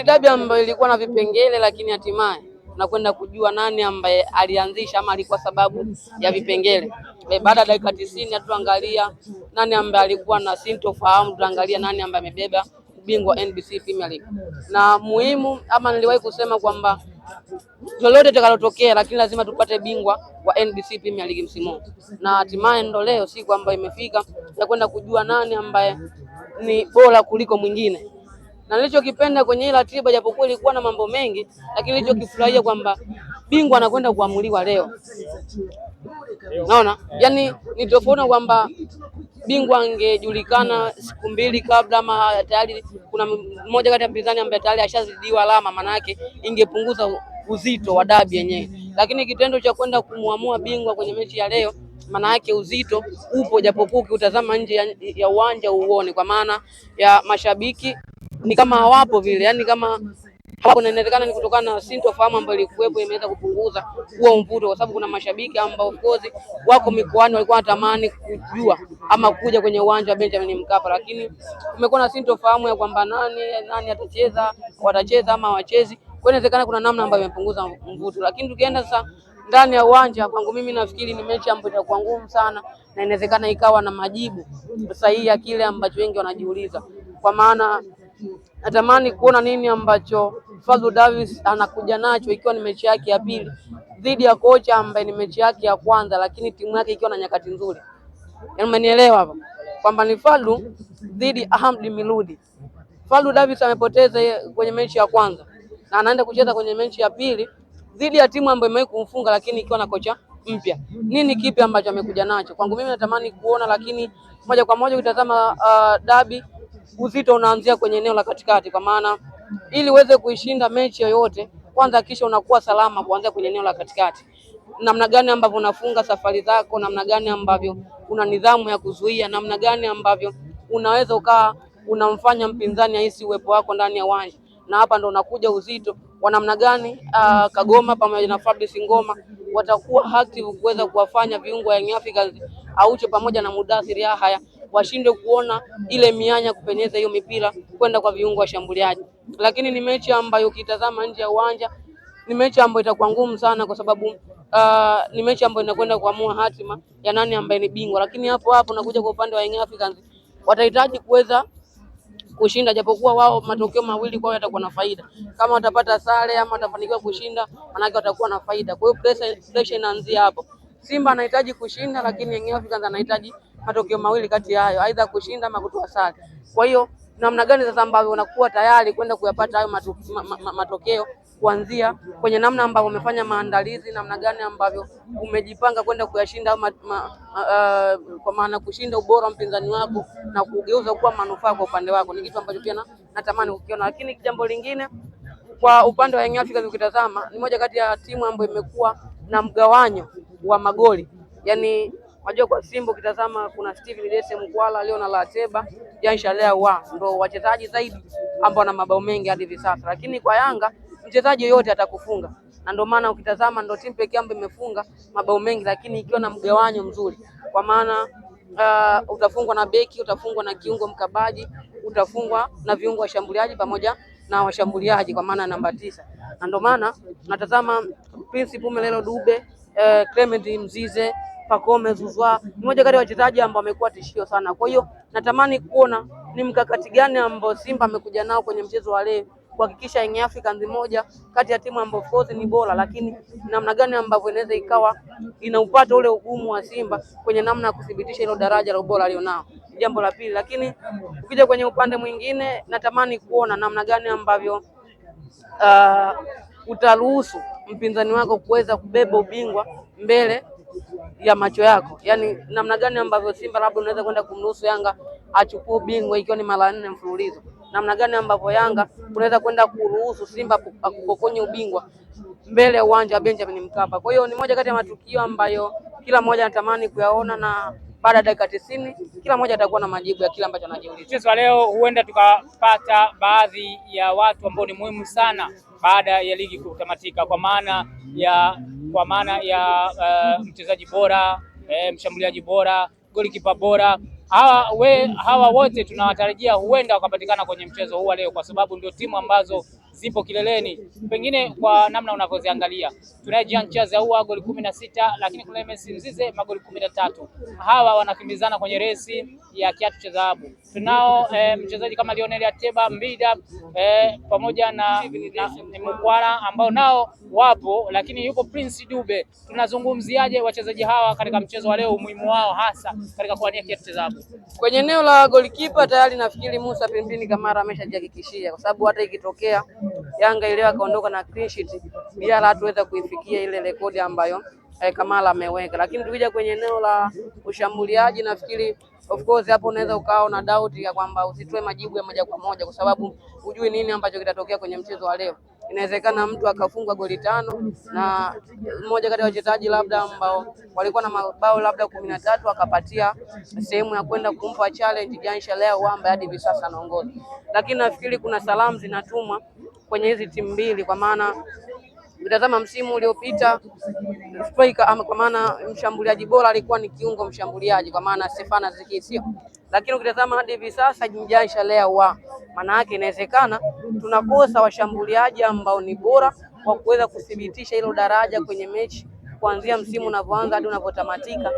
ni dabi ambayo ilikuwa na vipengele, lakini hatimaye tunakwenda kujua nani ambaye alianzisha ama alikuwa sababu ya vipengele. Eh, baada ya dakika tisini tutaangalia nani ambaye alikuwa na sintofahamu, tutaangalia nani ambaye amebeba ubingwa NBC Premier League. Na muhimu ama niliwahi kusema kwamba lolote litakalotokea, lakini lazima tupate bingwa wa NBC Premier League msimu huu, na hatimaye ndo leo siku ambayo imefika ya kwenda kujua nani ambaye ni bora kuliko mwingine na nilichokipenda kwenye ile ratiba, japokuwa ilikuwa na mambo mengi, lakini nilichokifurahia kwamba bingwa anakwenda kuamuliwa leo. Naona yani ni tofauti kwamba bingwa angejulikana siku mbili kabla, ama tayari kuna mmoja kati ya mpinzani ambaye tayari ashazidiwa alama, maana yake ingepunguza uzito wa dabi yenyewe, lakini kitendo cha kwenda kumwamua bingwa kwenye mechi ya leo maana yake uzito upo, japokuwa ukiutazama nje ya uwanja uone, kwa maana ya mashabiki ni kama hawapo vile, yani kama hapo inawezekana ni kutokana na sintofahamu ambayo ilikuwepo imeweza kupunguza huo mvuto, kwa sababu kuna mashabiki ambao of course wako mikoani walikuwa wanatamani kujua ama kuja kwenye uwanja wa Benjamin Mkapa, lakini kumekuwa na sintofahamu ya kwamba nani nani atacheza, watacheza ama wachezi. Kwa inawezekana kuna namna ambayo imepunguza mvuto, lakini tukienda sasa ndani ya uwanja, kwangu mimi nafikiri ni mechi ambayo itakuwa ngumu sana, na inawezekana ikawa na majibu sahihi ya kile ambacho wengi wanajiuliza, kwa maana natamani kuona nini ambacho Fadlu Davis anakuja nacho, ikiwa ni mechi yake ya pili dhidi ya kocha ambaye ni mechi yake ya kwanza, lakini timu yake ikiwa na nyakati nzuri. Yaani Umenielewa hapa kwamba ni Fadlu dhidi Ahmed Miludi. Fadlu Davis amepoteza kwenye mechi ya kwanza na anaenda kucheza kwenye mechi ya pili dhidi ya timu ambayo imewahi kumfunga, lakini ikiwa na kocha mpya. Nini kipi ambacho amekuja nacho? Kwangu mimi natamani kuona, lakini moja kwa moja ukitazama uh, dabi uzito unaanzia kwenye eneo la katikati, kwa maana ili uweze kuishinda mechi yoyote, kwanza kisha unakuwa salama kuanzia kwenye eneo la katikati, namna gani ambavyo unafunga safari zako, namna gani ambavyo una nidhamu ya kuzuia, namna gani ambavyo unaweza ukaa unamfanya mpinzani ahisi uwepo wako ndani ya uwanja, na hapa ndo unakuja uzito wa namna gani uh, Kagoma pamoja na Fabrice Ngoma watakuwa active kuweza kuwafanya viungo wa Young Africans Aucho pamoja na Mudathir Yahaya washindwe kuona ile mianya kupenyeza hiyo mipira kwenda kwa viungo washambuliaji. Lakini ni mechi ambayo ukitazama nje ya uwanja ni mechi ambayo itakuwa ngumu sana, kwa sababu uh, ni mechi ambayo inakwenda kuamua hatima ya nani ambaye ni bingwa. Lakini hapo hapo nakuja kwa upande wa Young Africans, watahitaji kuweza kushinda japokuwa wao matokeo mawili kwao yatakuwa na faida. Kama watapata sare ama watafanikiwa kushinda, manake watakuwa na faida. Kwa hiyo pressure inaanzia hapo. Simba anahitaji kushinda, lakini Young Africans anahitaji matokeo mawili kati ya hayo, aidha kushinda ama kutoa sare. Kwa hiyo namna gani sasa ambavyo unakuwa tayari kwenda kuyapata hayo matu, ma, ma, matokeo kuanzia kwenye namna ambavyo umefanya maandalizi, namna gani ambavyo umejipanga kwenda kuyashinda ma, ma, uh, kwa maana kushinda ubora wa mpinzani wako na kugeuza kuwa manufaa kwa upande wako, ni kitu ambacho pia natamani kukiona. Lakini jambo lingine kwa upande wa Young Africans ukitazama, ni moja kati ya timu ambayo imekuwa na mgawanyo wa magoli yani Unajua kwa Simba ukitazama kuna Steven Dese Mkwala, Leo na Lateba, Jansha wa ndo wachezaji zaidi ambao na mabao mengi hadi hivi sasa, lakini kwa Yanga mchezaji yoyote atakufunga, na ndio maana ukitazama ndio timu pekee ambayo imefunga mabao mengi, lakini ikiwa na mgawanyo mzuri, kwa maana uh, utafungwa na beki, utafungwa na kiungo mkabaji, utafungwa na viungo washambuliaji pamoja na washambuliaji kwa maana namba tisa, na ndio maana natazama Prince Pumelelo Dube, uh, Clement Mzize Pacome Zouzoua ni mmoja kati ya wachezaji ambao amekuwa tishio sana. Kwa hiyo natamani kuona ni mkakati gani ambao Simba amekuja nao kwenye mchezo wa leo kuhakikisha Young Africans moja kati ya timu ambayo force ni bora, lakini namna gani ambavyo inaweza ikawa inaupata ule ugumu wa Simba kwenye namna ya kuthibitisha hilo daraja la ubora alionao, jambo la pili. Lakini ukija kwenye upande mwingine, natamani kuona namna gani ambavyo uh, utaruhusu mpinzani wako kuweza kubeba ubingwa mbele ya macho yako, yani namna gani ambavyo Simba labda unaweza kwenda kumruhusu Yanga achukue ubingwa ikiwa ni mara nne mfululizo, namna gani ambavyo Yanga unaweza kwenda kuruhusu Simba akukokonye ubingwa mbele ya uwanja wa Benjamin Mkapa. Kwa hiyo ni moja kati ya matukio ambayo kila mmoja anatamani kuyaona na baada ya dakika tisini kila mmoja atakuwa na majibu ya kile ambacho anajiuliza. Mchezo wa leo huenda tukapata baadhi ya watu ambao ni muhimu sana baada ya ligi kutamatika, kwa maana ya kwa maana ya uh, mchezaji bora eh, mshambuliaji bora, golikipa bora hawa, we, hawa wote tunawatarajia huenda wakapatikana kwenye mchezo huu leo, kwa sababu ndio timu ambazo zipo kileleni, pengine kwa namna unavyoziangalia. Tunaye Jean Charles Ahoua goli kumi na sita, lakini Clemens Mzize magoli kumi na tatu. Hawa wanakimbizana kwenye resi ya kiatu cha dhahabu tunao eh, mchezaji kama Lionel Ateba Mbida eh, pamoja na, na Mkwara ambao nao wapo, lakini yupo Prince Dube. Tunazungumziaje wachezaji hawa katika mchezo wa leo, umuhimu wao hasa katika kuania kiatu dhahabu? Kwenye eneo la golikipa tayari nafikiri Musa Pimpini Kamara ameshajihakikishia, kwa sababu hata ikitokea Yanga ileo akaondoka na clean sheet, bila hatuweza kuifikia ile rekodi ambayo eh, Kamara ameweka, lakini tukija kwenye eneo la ushambuliaji nafikiri Of course hapo unaweza ukawa na doubt ya kwamba usitoe majibu ya moja kwa moja, kwa sababu hujui nini ambacho kitatokea kwenye mchezo wa leo. Inawezekana mtu akafungwa goli tano na mmoja kati ya wachezaji labda ambao walikuwa na mabao labda kumi na tatu akapatia sehemu ya kwenda kumpa challenge Jansha leo wamba hadi hivi sasa anaongoza, lakini nafikiri kuna salamu zinatumwa kwenye hizi timu mbili, kwa maana Ukitazama msimu uliopita striker, kwa maana mshambuliaji bora alikuwa ni kiungo mshambuliaji, kwa maana Stefano Aziz Ki, sio? Lakini ukitazama hadi hivi sasa Jinjaisha lea wa, maana yake inawezekana tunakosa washambuliaji ambao ni bora wa kuweza kuthibitisha hilo daraja kwenye mechi kuanzia msimu unavyoanza hadi unavyotamatika,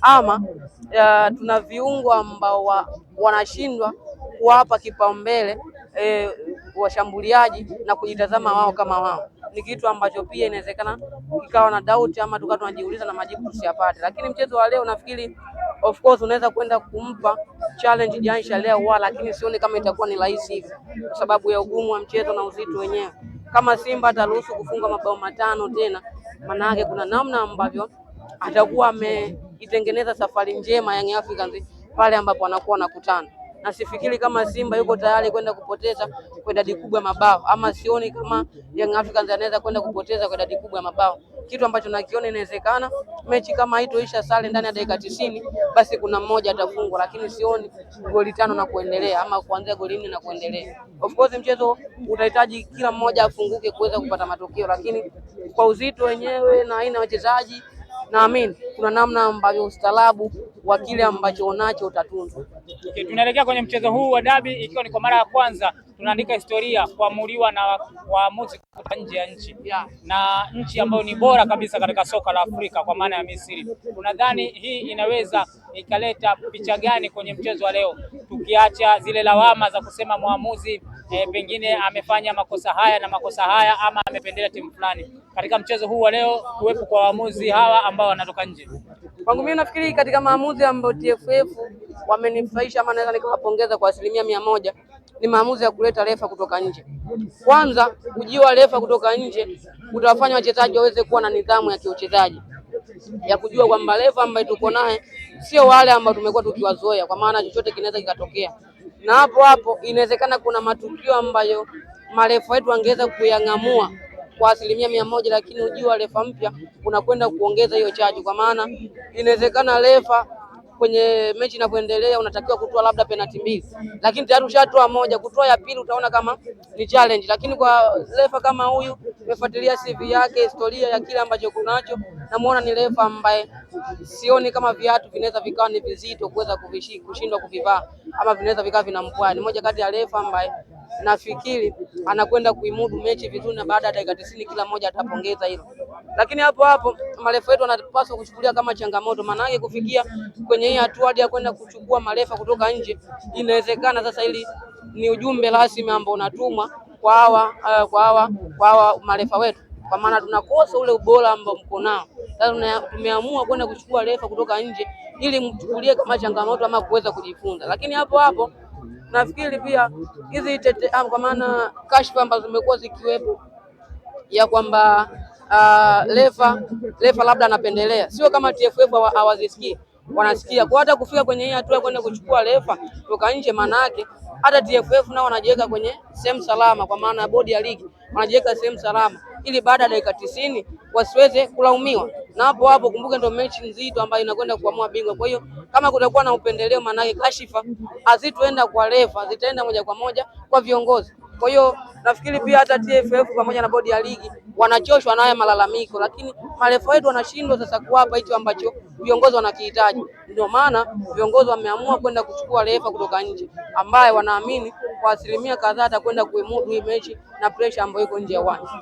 ama uh, tuna viungo ambao wa, wanashindwa kuwapa kipaumbele eh, washambuliaji na kujitazama wao kama wao ni kitu ambacho pia inawezekana kikawa na doubt ama tukawa tunajiuliza na majibu tusiyapate. Lakini mchezo wa leo nafikiri of course unaweza kwenda kumpa challenge Jansha leo wa, lakini sioni kama itakuwa ni rahisi hivi kwa sababu ya ugumu wa mchezo na uzito wenyewe. Kama Simba ataruhusu kufunga mabao matano tena, maana yake kuna namna ambavyo atakuwa ameitengeneza safari njema Young Africans pale ambapo anakuwa anakutana na sifikiri kama Simba yuko tayari kwenda kupoteza kwa idadi kubwa ya mabao, ama sioni kama Young Africans anaweza kwenda kupoteza kwa idadi kubwa ya mabao, kitu ambacho nakiona inawezekana. Mechi kama tuisha sare ndani ya dakika tisini, basi kuna mmoja atafungwa, lakini sioni goli tano na kuendelea ama kuanzia goli nne na kuendelea. Of course mchezo utahitaji kila mmoja afunguke kuweza kupata matokeo, lakini kwa uzito wenyewe na aina ya wachezaji naamini kuna namna ambavyo ustalabu wa kile ambacho unacho utatunzwa. Okay, tunaelekea kwenye mchezo huu wa dabi ikiwa ni kwa mara ya kwanza tunaandika historia kuamuliwa na waamuzi kutoka nje ya nchi yeah, na nchi ambayo ni bora kabisa katika soka la Afrika kwa maana ya Misri. Unadhani hii inaweza ikaleta picha gani kwenye mchezo wa leo, tukiacha zile lawama za kusema mwamuzi e, pengine amefanya makosa haya na makosa haya ama amependelea timu fulani katika mchezo huu wa leo, kuwepo kwa waamuzi hawa ambao wanatoka nje. Kwangu mimi nafikiri katika maamuzi ambayo TFF wamenifurahisha ama naweza nikawapongeza kwa asilimia mia moja ni maamuzi ya kuleta refa kutoka nje. Kwanza ujio refa kutoka nje utawafanya wachezaji waweze kuwa na nidhamu ya kiuchezaji ya kujua kwamba refa ambaye tuko naye sio wale ambao tumekuwa tukiwazoea, kwa maana chochote kinaweza kikatokea na hapo hapo inawezekana kuna matukio ambayo marefa wetu angeweza kuyang'amua kwa asilimia mia moja, lakini ujio wa refa mpya unakwenda kuongeza hiyo chaji, kwa maana inawezekana refa kwenye mechi inavyoendelea unatakiwa kutoa labda penalti mbili, lakini tayari ushatoa moja. Kutoa ya pili utaona kama ni challenge, lakini kwa refa kama huyu, umefuatilia CV yake, historia ya kile ambacho kunacho, namuona ni refa ambaye sioni kama viatu vinaweza vikawa ni vizito kuweza kushindwa kuvivaa ama vinaweza vikawa vinamkwaa. Ni moja kati ya refa ambaye nafikiri anakwenda kuimudu mechi vizuri, na baada ya dakika tisini kila mmoja atapongeza hilo lakini hapo hapo marefa wetu wanapaswa kuchukulia kama changamoto, maana yake kufikia kwenye hii hatua ya kwenda kuchukua marefa kutoka nje inawezekana. Sasa ili ni ujumbe rasmi ambao unatumwa kwa hawa uh, kwa hawa kwa hawa marefa wetu, kwa maana tunakosa ule ubora ambao mko nao. Sasa tumeamua kwenda kuchukua refa kutoka nje ili mchukulie kama changamoto ama kuweza kujifunza, lakini hapo hapo nafikiri pia hizi tete, ah, kwa maana kashfa ambazo zimekuwa zikiwepo ya kwamba uh, leva leva labda anapendelea, sio kama TFF hawazisikii wanasikia kwa hata kufika kwenye hii hatua kwenda kuchukua leva toka nje, maana yake hata TFF nao wanajiweka kwenye sehemu salama, kwa maana ya bodi ya ligi wanajiweka sehemu salama, ili baada ya dakika tisini wasiweze kulaumiwa. Na hapo hapo, kumbuke, ndio mechi nzito ambayo inakwenda kuamua bingwa. Kwa hiyo kama kutakuwa na upendeleo, maana yake kashifa hazitoenda kwa leva, zitaenda moja kwa moja kwa viongozi. Kwa hiyo nafikiri pia hata TFF pamoja na bodi ya ligi wanachoshwa na haya malalamiko, lakini marefa wetu wanashindwa sasa kuwapa hicho ambacho viongozi wanakihitaji. Ndio maana viongozi wameamua kwenda kuchukua refa kutoka nje ambaye wanaamini kwa asilimia kadhaa atakwenda kuimudu mechi na pressure ambayo iko nje ya uwanja.